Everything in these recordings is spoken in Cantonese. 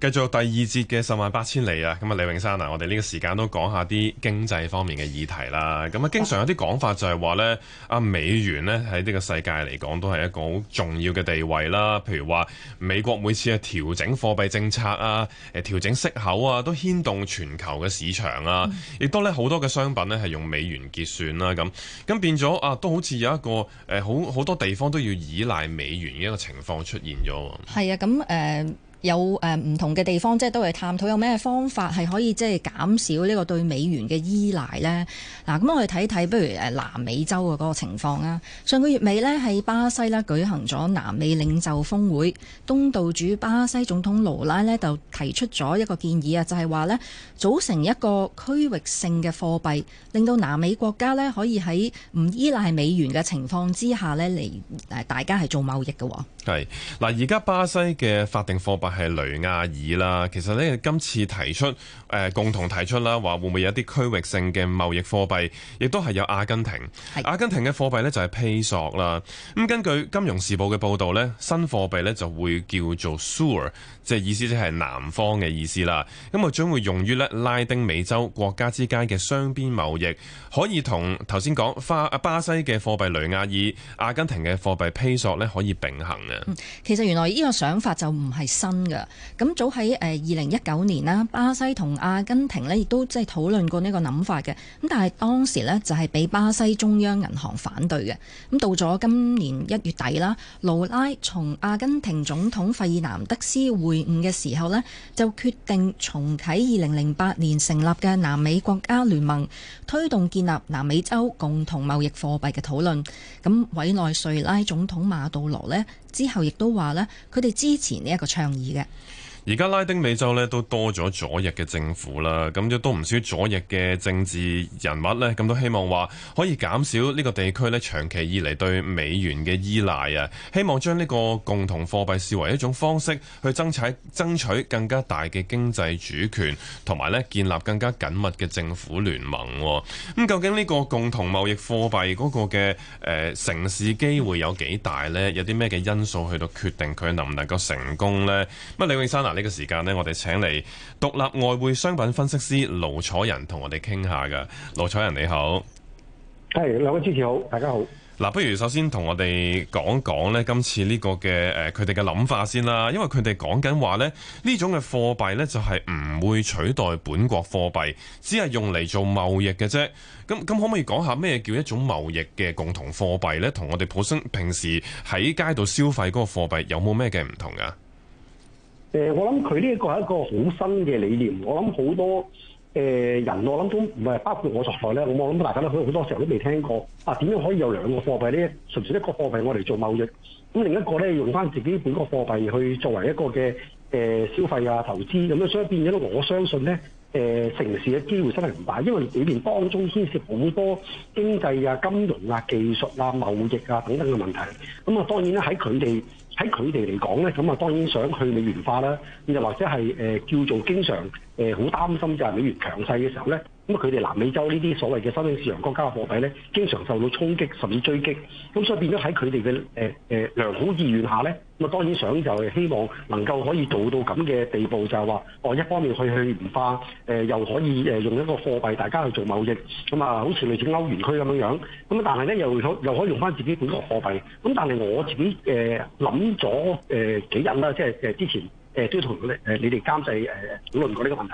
繼續第二節嘅十萬八千里啊！咁啊，李永山嗱，我哋呢個時間都講下啲經濟方面嘅議題啦。咁啊，經常有啲講法就係話呢啊，美元呢喺呢個世界嚟講都係一個好重要嘅地位啦。譬如話美國每次啊調整貨幣政策啊，誒調整息口啊，都牽動全球嘅市場啊。亦都呢好多嘅商品呢係用美元結算啦。咁咁變咗啊，都好似有一個好好多地方都要依賴美元嘅一個情況出現咗。係啊，咁有誒唔同嘅地方，即係都係探討有咩方法係可以即係減少呢個對美元嘅依賴咧。嗱，咁我哋睇睇，不如誒南美洲嘅嗰個情況啊。上個月尾咧，喺巴西咧舉行咗南美領袖峰會，東道主巴西總統盧拉咧就提出咗一個建議啊，就係話咧組成一個區域性嘅貨幣，令到南美國家咧可以喺唔依賴美元嘅情況之下咧嚟誒大家係做貿易嘅喎。係嗱，而家巴西嘅法定貨幣。係雷亞爾啦，其實咧今次提出誒、呃、共同提出啦，話會唔會有啲區域性嘅貿易貨幣，亦都係有阿根廷，的阿根廷嘅貨幣咧就係披索啦。咁根據金融時報嘅報道咧，新貨幣咧就會叫做 Sur，即係意思即係南方嘅意思啦。咁啊將會用於咧拉丁美洲國家之間嘅雙邊貿易，可以同頭先講巴巴西嘅貨幣雷亞爾阿根廷嘅貨幣披索咧可以並行啊，其實原來呢個想法就唔係新的。嘅咁早喺誒二零一九年啦，巴西同阿根廷呢亦都即係討論過呢個諗法嘅，咁但係當時呢，就係俾巴西中央銀行反對嘅。咁到咗今年一月底啦，盧拉從阿根廷總統費爾南德斯會晤嘅時候呢，就決定重啟二零零八年成立嘅南美國家聯盟，推動建立南美洲共同貿易貨幣嘅討論。咁委內瑞拉總統馬杜羅呢。之後亦都話咧，佢哋支持呢一個倡議嘅。而家拉丁美洲咧都多咗左翼嘅政府啦，咁亦都唔少左翼嘅政治人物咧，咁都希望話可以減少呢個地區咧長期以嚟對美元嘅依賴啊，希望將呢個共同貨幣視為一種方式去爭取爭取更加大嘅經濟主權同埋咧建立更加緊密嘅政府聯盟。咁究竟呢個共同貿易貨幣嗰個嘅誒成事機會有幾大咧？有啲咩嘅因素去到決定佢能唔能夠成功咧？乜李永山。呢個時間我哋請嚟獨立外匯商品分析師盧楚仁同我哋傾下噶。盧楚仁你好，係，兩位主持好，大家好。嗱，不如首先同我哋講講呢，今次呢個嘅誒，佢哋嘅諗法先啦。因為佢哋講緊話呢，呢種嘅貨幣呢，就係唔會取代本國貨幣，只係用嚟做貿易嘅啫。咁咁可唔可以講下咩叫一種貿易嘅共同貨幣呢？同我哋普通平時喺街度消費嗰個貨幣有冇咩嘅唔同啊？誒，我諗佢呢一個係一個好新嘅理念，我諗好多誒人，我諗都唔係包括我在內咧。我諗大家都好好多時候都未聽過啊。點樣可以有兩個貨幣呢？純粹一個貨幣我嚟做貿易，咁另一個咧用翻自己本個貨幣去作為一個嘅誒消費啊、投資咁啊，所以變咗我相信咧誒，城市嘅機會真係唔大，因為裏面當中牽涉好多經濟啊、金融啊、技術啊、貿易啊等等嘅問題。咁啊，當然咧喺佢哋。喺佢哋嚟講咧，咁啊當然想去美元化啦，又或者係誒叫做經常誒好擔心就係美元強勢嘅時候咧，咁啊佢哋南美洲呢啲所謂嘅新興市場國家嘅貨幣咧，經常受到衝擊甚至追擊，咁所以變咗喺佢哋嘅誒誒良好意願下咧。咁當然想就係希望能夠可以做到咁嘅地步，就係、是、話，哦，一方面去去美元化、呃，又可以用一個貨幣大家去做貿易，咁、嗯、啊，好似類似歐元區咁樣咁、嗯、但係咧又可又可以用翻自己本國貨幣，咁、嗯、但係我自己諗咗、呃呃、幾日啦，即、就、係、是呃、之前。誒、呃、都同你、呃、你哋監製誒討論過呢個問題，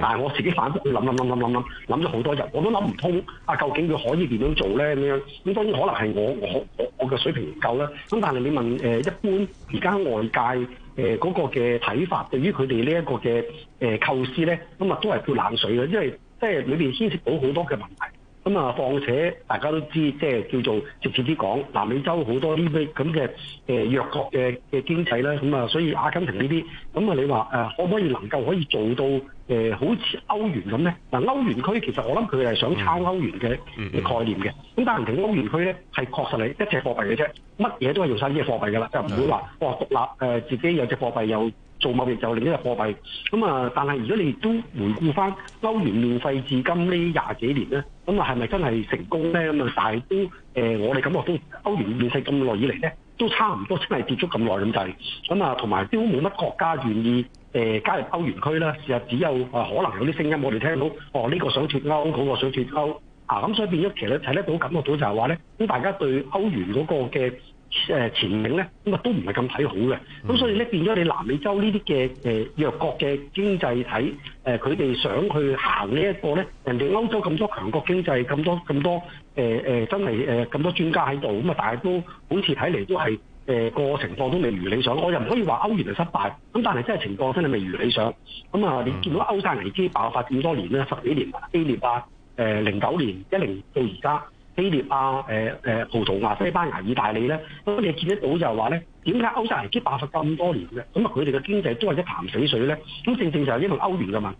但係我自己反覆去諗諗諗諗諗諗咗好多日，我都諗唔通啊！究竟佢可以點樣做咧？咁樣咁當然可能係我我我我嘅水平唔夠啦。咁、嗯、但係你問、呃、一般而家外界嗰、呃那個嘅睇法，對於佢哋呢一個嘅誒、呃、構思咧，咁、嗯、啊都係潑冷水嘅，因為即係裏面牽涉到好多嘅問題。咁啊，況且大家都知，即、就、係、是、叫做直接啲講，南美洲好多呢啲咁嘅誒弱國嘅嘅經濟呢。咁啊，所以阿根廷呢啲咁啊，你話誒、呃、可唔可以能夠可以做到誒、呃、好似歐元咁咧？嗱、呃，歐元區其實我諗佢係想抄歐元嘅嘅概念嘅，咁、嗯嗯嗯、但係其實歐元區咧係確實係一隻貨幣嘅啫，乜嘢都係用晒呢個貨幣噶啦，就唔會話哇、哦、獨立誒、呃、自己有隻貨幣又，做貿易就另一個貨幣，咁啊！但係如果你亦都回顧翻歐元面世至今呢廿幾年咧，咁啊係咪真係成功咧？咁啊，但係都誒，我哋感覺都歐元面世咁耐以嚟咧，都差唔多真係跌足咁耐咁滯，咁啊、就是，同埋都冇乜國家願意誒、呃、加入歐元區啦。事實只有誒可能有啲聲音我哋聽到，哦呢、這個想脱歐，嗰、那個想脱歐啊，咁、那個、所以變咗其實睇得到感覺到就係話咧，咁大家對歐元嗰個嘅。誒前景咧，咁啊都唔係咁睇好嘅，咁所以咧變咗你南美洲呢啲嘅誒弱國嘅經濟體，誒佢哋想去行呢一個咧，人哋歐洲咁多強國經濟，咁多咁多誒、呃、真係誒咁多專家喺度，咁啊但係都本嚟睇嚟都係誒、呃、個情況都未如理想，我又唔可以話歐元就失敗，咁但係真係情況真係未如理想，咁啊你見到歐債危機爆發咁多年啦，十幾年，零八、呃、年，零九年，一零到而家。希臘啊，誒誒，葡萄牙、啊、西班牙、意大利咧，咁你見得到就係話呢，咧，點解歐洲人啲爆發咁多年嘅，咁啊佢哋嘅經濟都係一潭死水咧，咁正正就係因為歐元嘅嘛。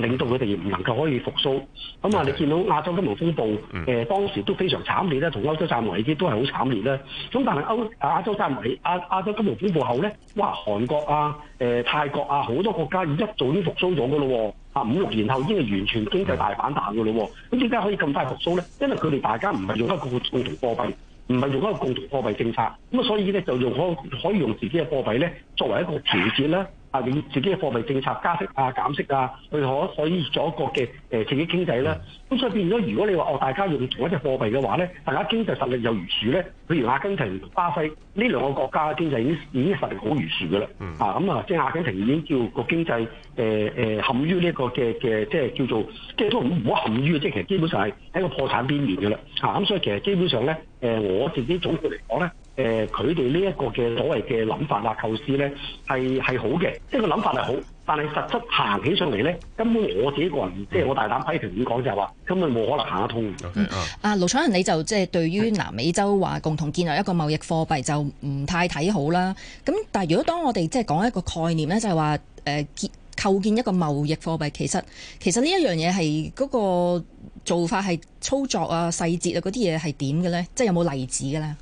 令到佢哋唔能夠可以復甦，咁啊，你見到亞洲金融風暴，誒、mm. 當時都非常慘烈咧，同歐洲債務危機都係好慘烈咧。咁但係歐亞洲債務危亞亞洲金融風暴後咧，哇，韓國啊、誒、呃、泰國啊，好多國家一早已經復甦咗噶咯喎，啊，五六年後已經係完全經濟大反彈噶咯喎。咁點解可以咁快復甦咧？因為佢哋大家唔係用一個共同貨幣，唔係用一個共同貨幣政策，咁啊，所以咧就用可可以用自己嘅貨幣咧作為一個調節啦。自己嘅貨幣政策加息啊、減息啊，佢可可以做一個嘅誒、呃、自己經濟啦。咁、mm. 所以變咗，如果你話哦，大家用同一隻貨幣嘅話咧，大家經濟實力又懸殊咧，譬如阿根廷、巴西呢兩個國家嘅經濟已經已經實力好懸殊噶啦。啊、mm. 咁啊，即係阿根廷已經叫個經濟誒誒、呃、陷於呢、呢個嘅嘅即係叫做，即係都唔好陷於，即係其實基本上係喺個破產邊緣噶啦。啊咁，所以其實基本上咧，誒、呃、我自己總括嚟講咧。誒佢哋呢一個嘅所謂嘅諗法啊，構思呢係係好嘅，即係個諗法係好，但係實質行起上嚟呢，根本我自己個人，即係我大膽批評咁講就係話、是，根本冇可能行得通。啊、okay. 嗯，盧楚仁你就即係、就是、對於南美洲話共同建立一個貿易貨幣就唔太睇好啦。咁但係如果當我哋即係講一個概念呢，就係話誒建構建一個貿易貨幣，其實其實呢一樣嘢係嗰個做法係操作啊、細節啊嗰啲嘢係點嘅呢？即、就、係、是、有冇例子㗎呢？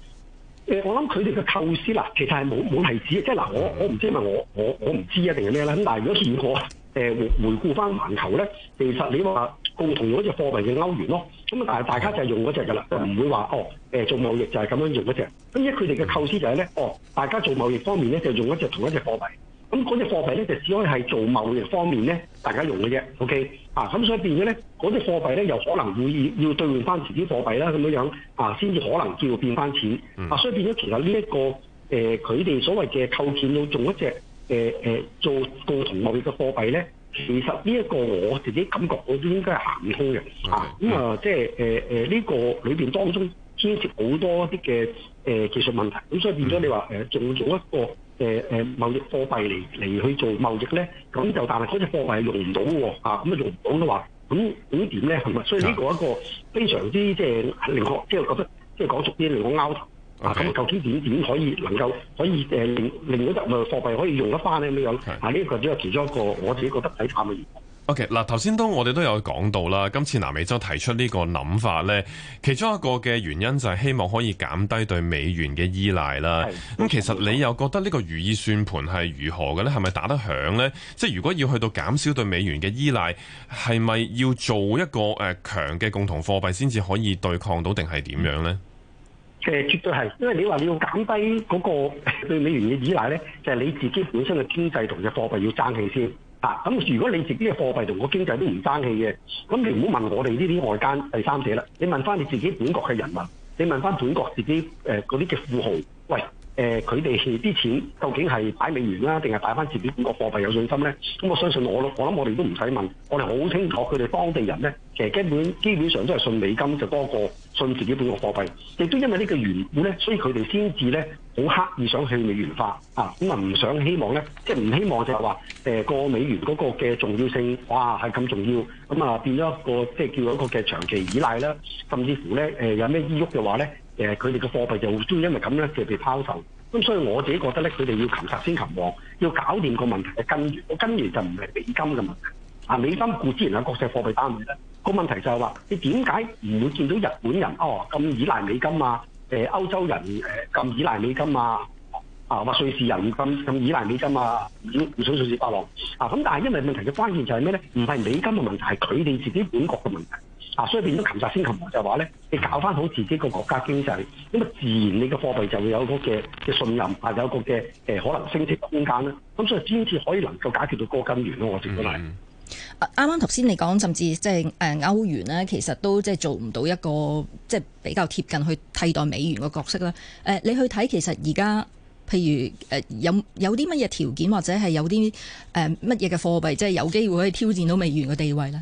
誒，我諗佢哋嘅構思啦，其實係冇冇例子，即係嗱，我我唔知係咪我我我唔知啊，定係咩咧？咁但係如果見過誒回回顧翻環球咧，其實你話共同用一隻貨幣嘅歐元咯，咁啊，大大家就係用嗰隻噶啦，唔會話哦，誒做貿易就係咁樣用嗰隻，咁而佢哋嘅構思就係、是、咧，哦，大家做貿易方面咧就用一隻同一隻貨幣。咁嗰隻貨幣咧就只可以係做貿易方面咧，大家用嘅啫，OK 啊？咁所以變咗咧，嗰、那、隻、個、貨幣咧又可能會要兌換翻自己貨幣啦，咁樣樣啊，先至可能叫變翻錢、嗯。啊，所以變咗其實呢、這、一個誒，佢、呃、哋所謂嘅構建要做一隻誒誒做共同貿易嘅貨幣咧，其實呢、這、一個我自己感覺我都應該係行唔通嘅、嗯、啊。咁、嗯、啊，即係誒誒呢個裏邊當中牽涉好多一啲嘅誒技術問題。咁所以變咗你話誒，仲、嗯、做一個。誒誒貿易貨幣嚟嚟去做貿易咧，咁就但係嗰隻貨幣係用唔到喎，啊，咁啊，用唔到嘅話，咁點咧係咪？所以呢個一個非常之即係令我即係覺得即係講熟啲嚟講拗頭啊，咁究竟點點可以能夠可以誒令令到得誒貨幣可以用得返咧咁樣？係呢個只係其中一個我自己覺得睇淡嘅嘢。OK，嗱，頭先都我哋都有講到啦。今次南美洲提出呢個諗法咧，其中一個嘅原因就係希望可以減低對美元嘅依賴啦。咁其實你又覺得呢個如意算盤係如何嘅咧？係咪打得響呢？即係如果要去到減少對美元嘅依賴，係咪要做一個誒強嘅共同貨幣先至可以對抗到，定係點樣咧？誒，絕對係，因為你話你要減低嗰個對美元嘅依賴咧，就係你自己本身嘅經濟同嘅貨幣要爭氣先。咁、啊、如果你自己嘅貨幣同個經濟都唔爭氣嘅，咁你唔好問我哋呢啲外間第三者啦。你問翻你自己本國嘅人民，你問翻本國自己誒嗰啲嘅富豪，喂誒，佢哋啲錢究竟係擺美元啦、啊，定係擺翻自己本國貨幣有信心咧？咁我相信我，我諗我哋都唔使問，我哋好清楚，佢哋當地人咧，其實基本基本上都係信美金就多過信自己本國貨幣，亦都因為個元呢個緣故咧，所以佢哋先至咧，好刻意想去美元化啊！咁啊唔想希望咧，即係唔希望就係話誒個美元嗰個嘅重要性，哇係咁重要，咁啊變咗一個即係、就是、叫一個嘅長期依賴啦。甚至乎咧、呃、有咩依郁嘅話咧，誒佢哋嘅貨幣就會中因為咁咧就被拋售。咁所以我自己覺得咧，佢哋要擒賊先擒王，要搞掂個問題嘅根源。個根源就唔係美金嘅問題啊！美金固之然係國際貨幣單位啦，那個問題就係話你點解唔會見到日本人哦咁依賴美金啊？誒歐洲人誒咁依賴美金啊，啊或瑞士人咁咁依賴美金啊，唔、嗯、想瑞士法郎。啊，咁但係因為問題嘅關鍵就係咩咧？唔係美金嘅問題，係佢哋自己本國嘅問題啊。所以變咗擒賊先擒王，就係話咧，你搞返好自己個國家經濟，咁啊自然你嘅貨幣就會有個嘅嘅信任，啊有個嘅誒、呃、可能的升值空間啦。咁、啊、所以先至可以能夠解決到嗰個根源咯。我覺得係。嗯啱啱頭先你講，甚至即係誒歐元咧，其實都即係做唔到一個即係比較貼近去替代美元嘅角色啦。誒，你去睇其實而家譬如誒有有啲乜嘢條件，或者係有啲誒乜嘢嘅貨幣，即係有機會可以挑戰到美元嘅地位咧？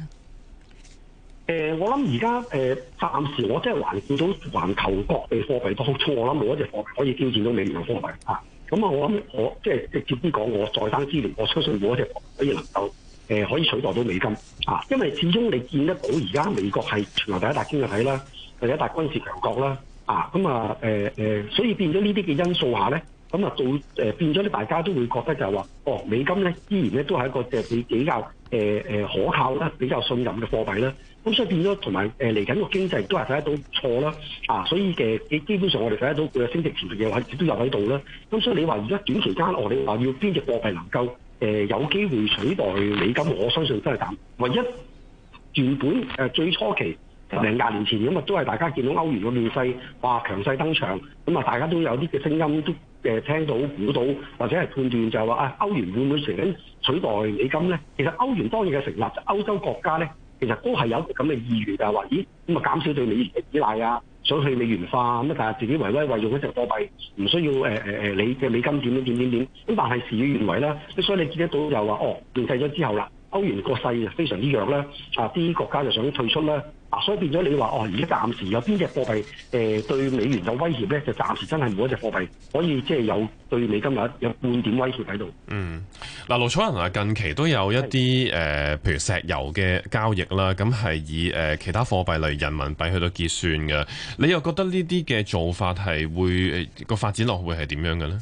誒，我諗而家誒暫時我即係還見到環球各地貨幣當中，我諗冇一隻貨幣可以挑戰到美元嘅貨幣啊。咁、呃呃、啊，我我即係直接啲講，我再生之年，我相信冇一隻可以能夠。誒可以取代到美金啊，因為始終你見得到而家美國係全球第一大經濟體啦，第一大軍事強國啦，啊咁啊誒、啊、所以變咗呢啲嘅因素下咧，咁啊到誒變咗咧，大家都會覺得就係話，哦美金咧依然咧都係一個即係比比較可靠啦、啊，比較信任嘅貨幣啦。咁、啊、所以變咗同埋嚟緊個經濟都係睇得到錯啦，啊所以嘅基本上我哋睇得到佢嘅升值潛力位亦都入喺度啦。咁、啊、所以你話而家短期間，我哋話要邊隻貨幣能夠？誒、呃、有機會取代美金，我相信真係咁。唯一原本誒、呃、最初期零廿年前咁啊、嗯，都係大家見到歐元嘅面世，哇強勢登場，咁、嗯、啊大家都有啲嘅聲音都誒、呃、聽到估到，或者係判斷就係、是、話啊歐元會唔會成日取代美金咧？其實歐元當然嘅成立，歐洲國家咧其實都係有咁嘅意願啊，話、就是、咦咁啊減少對美元嘅依賴啊。想去美元化咁，但係自己維威為用嗰隻貨幣，唔需要誒誒誒，你嘅美金點點點點點咁，但係事與願違啦。所以你見得到又話哦，變勢咗之後啦，歐元個勢非常之弱啦，啊啲國家就想退出啦。啊所以變咗你話哦，而家暫時有邊隻貨幣誒、呃、對美元有威脅咧？就暫時真係冇一隻貨幣可以即係有對美金有有半點威脅喺度。嗯。嗱，盧楚仁近期都有一啲誒，譬如石油嘅交易啦，咁係以誒其他貨幣，例如人民幣去到結算嘅。你又覺得呢啲嘅做法係會個發展落會係點樣嘅呢？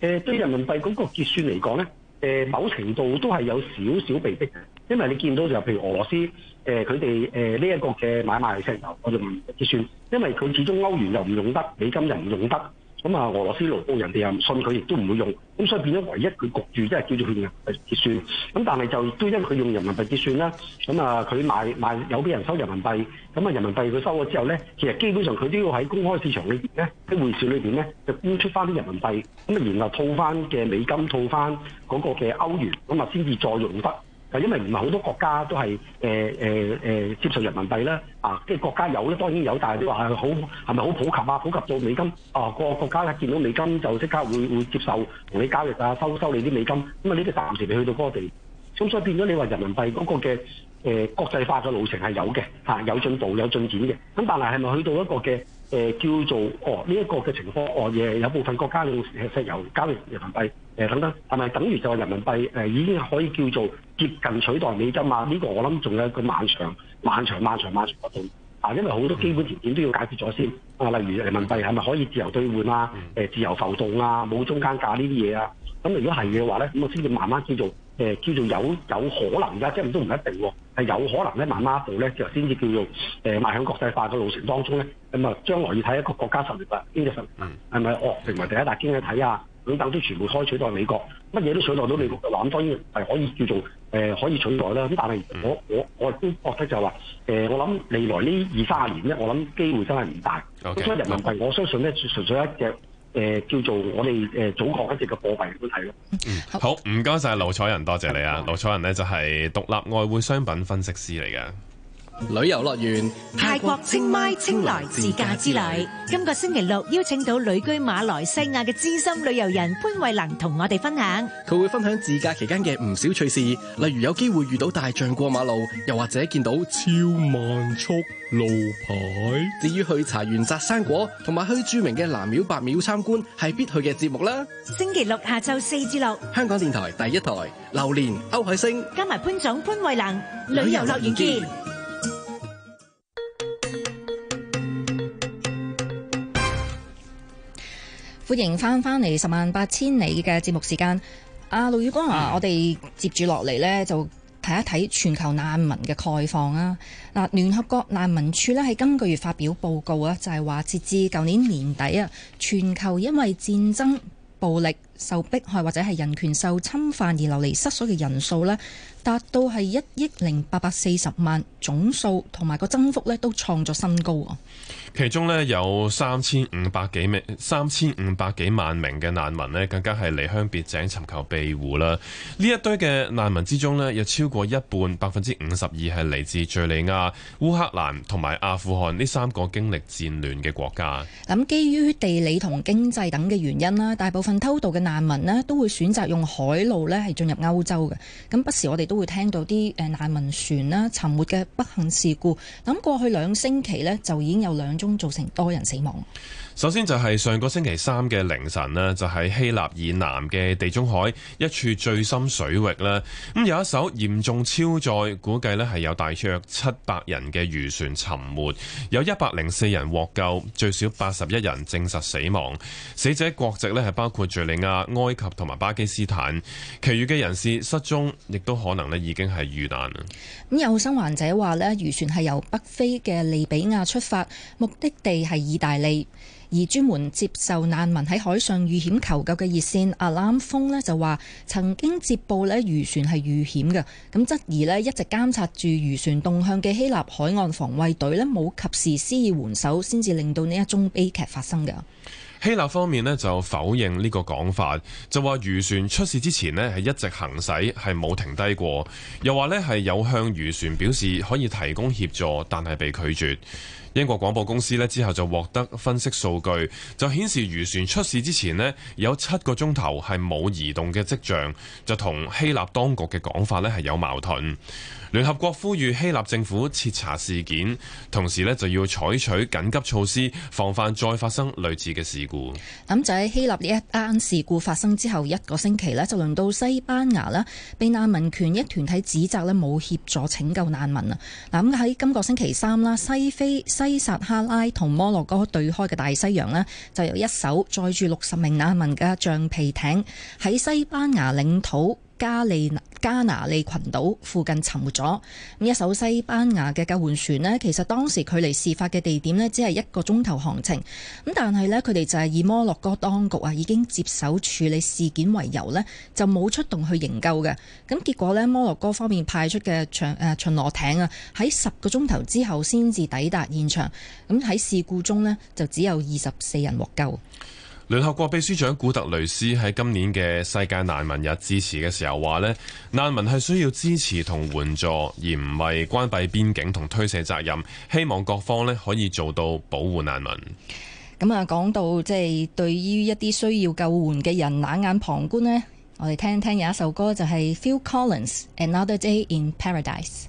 誒，對人民幣嗰個結算嚟講呢，誒某程度都係有少少被逼嘅，因為你見到就譬如俄羅斯誒，佢哋誒呢一個嘅買賣石油，我就唔結算，因為佢始終歐元又唔用得，美金又唔用得。咁啊，俄羅斯盧布人哋又唔信佢，亦都唔會用，咁所以變咗唯一佢焗住即係叫做佢用人民幣結算。咁但係就都因為佢用人民幣結算啦，咁啊佢買買有畀人收人民幣，咁啊人民幣佢收咗之後咧，其實基本上佢都要喺公開市場裏面咧，喺匯市裏面咧，就沽出翻啲人民幣，咁啊然後套翻嘅美金，套翻嗰個嘅歐元，咁啊先至再用得。就因為唔係好多國家都係誒誒誒接受人民幣啦，啊，即係國家有咧當然有，但係你話係好係咪好普及啊？普及到美金啊，個國家咧見到美金就即刻會會接受同你交易啊，收收你啲美金，咁啊呢啲暫時未去到嗰個地，咁所以變咗你話人民幣嗰個嘅。誒國際化嘅路程係有嘅，嚇有進步有進展嘅。咁但係係咪去到一個嘅誒叫做哦呢一個嘅情況？哦嘢有部分國家嘅石油交易人民幣誒等等係咪等於就係人民幣誒已經可以叫做接近取代美金嘛？呢個我諗仲有一個漫長漫長漫長漫長嗰段啊，因為好多基本條件都要解決咗先啊。例如人民幣係咪可以自由兌換啊？誒自由浮動啊？冇中間價呢啲嘢啊？咁如果係嘅話咧，咁我先至慢慢叫做。誒、呃、叫做有有可能㗎，即係都唔一定喎，係有可能咧，慢慢一步咧，就先至叫做誒邁、呃、向國際化嘅路程當中咧，咁啊將來要睇一個國家實力啦，英國力是是哦、經濟實力，係咪哦成為第一大經濟體啊？咁等，等都全部取代到美國，乜嘢都取代到美國，咁、嗯、當然係可以叫做誒、呃、可以取代啦。咁但係我、嗯、我我都覺得就話、呃、我諗未來二呢二三十年咧，我諗機會真係唔大。咁、okay，所以人民幣，我相信咧，純粹、okay。係一隻。誒、呃、叫做我哋誒組合一隻嘅貨幣去睇咯。好，唔該晒，盧楚仁，多謝你啊。盧楚仁呢就係、是、獨立外匯商品分析師嚟嘅。旅遊樂園泰國清邁清萊,青萊自駕之旅，今個星期六邀請到旅居馬來西亞嘅資深旅遊人潘慧能同我哋分享。佢會分享自駕期間嘅唔少趣事，例如有機會遇到大象過馬路，又或者見到超慢速路牌。至於去茶園摘生果，同埋去著名嘅南廟、白廟參觀，係必去嘅節目啦。星期六下晝四至六，香港電台第一台，榴蓮歐海星加埋潘總潘慧能，旅遊樂園見。歡迎翻返嚟十萬八千里嘅節目時間，阿盧宇光啊、嗯，我哋接住落嚟咧就睇一睇全球難民嘅概況啊！嗱，聯合國難民署咧喺今個月發表報告啊，就係話截至舊年年底啊，全球因為戰爭暴力、受迫害或者係人權受侵犯而流離失所嘅人數咧，達到係一億零八百四十萬，總數同埋個增幅咧都創咗新高。其中咧有三千五百幾名、三千五百幾萬名嘅難民咧，更加係離鄉別井尋求庇護啦。呢一堆嘅難民之中咧，有超過一半，百分之五十二係嚟自敘利亞、烏克蘭同埋阿富汗呢三個經歷戰亂嘅國家。咁基於地理同經濟等嘅原因啦，大部分偷渡嘅。難民咧都會選擇用海路咧係進入歐洲嘅，咁不時我哋都會聽到啲誒難民船啦，沉沒嘅不幸事故，咁過去兩星期呢，就已經有兩宗造成多人死亡。首先就係上個星期三嘅凌晨呢就喺希臘以南嘅地中海一處最深水域咧，咁有一艘嚴重超載，估計咧係有大約七百人嘅漁船沉沒，有一百零四人獲救，最少八十一人證實死亡。死者國籍呢係包括敍利亞、埃及同埋巴基斯坦，其餘嘅人士失蹤，亦都可能咧已經係遇難啦。有生還者話呢漁船係由北非嘅利比亞出發，目的地係意大利。而專門接受難民喺海上遇險求救嘅熱線阿欖峰呢，就話曾經接報呢，漁船係遇險嘅，咁質疑呢，一直監察住漁船動向嘅希臘海岸防衛隊呢，冇及時施以援手，先至令到呢一宗悲劇發生嘅。希臘方面呢，就否認呢個講法，就話漁船出事之前呢，係一直行駛，係冇停低過，又話呢，係有向漁船表示可以提供協助，但係被拒絕。英國廣播公司之後就獲得分析數據，就顯示漁船出事之前有七個鐘頭係冇移動嘅跡象，就同希臘當局嘅講法咧係有矛盾。聯合國呼籲希臘政府徹查事件，同時就要採取緊急措施，防範再發生類似嘅事故。咁就喺希臘呢一單事故發生之後一個星期，就輪到西班牙啦，被難民權益團體指責咧冇協助拯救難民啊！嗱，咁喺今個星期三啦，西非西西撒哈拉同摩洛哥對開嘅大西洋呢，就有一艘載住六十名難民嘅橡皮艇喺西班牙領土，加利加拿利群島附近沉沒咗，咁一艘西班牙嘅救援船呢，其實當時距離事發嘅地點呢，只係一個鐘頭航程，咁但係呢，佢哋就係以摩洛哥當局啊已經接手處理事件為由呢，就冇出動去營救嘅，咁結果呢，摩洛哥方面派出嘅巡誒巡邏艇啊，喺十個鐘頭之後先至抵達現場，咁喺事故中呢，就只有二十四人獲救。聯合國秘書長古特雷斯喺今年嘅世界難民日支持嘅時候話咧，難民係需要支持同援助，而唔係關閉邊境同推卸責任。希望各方咧可以做到保護難民。咁啊，講到即係對於一啲需要救援嘅人冷眼旁觀，我哋聽聽有一首歌，就係 Phil Collins Another Day in Paradise。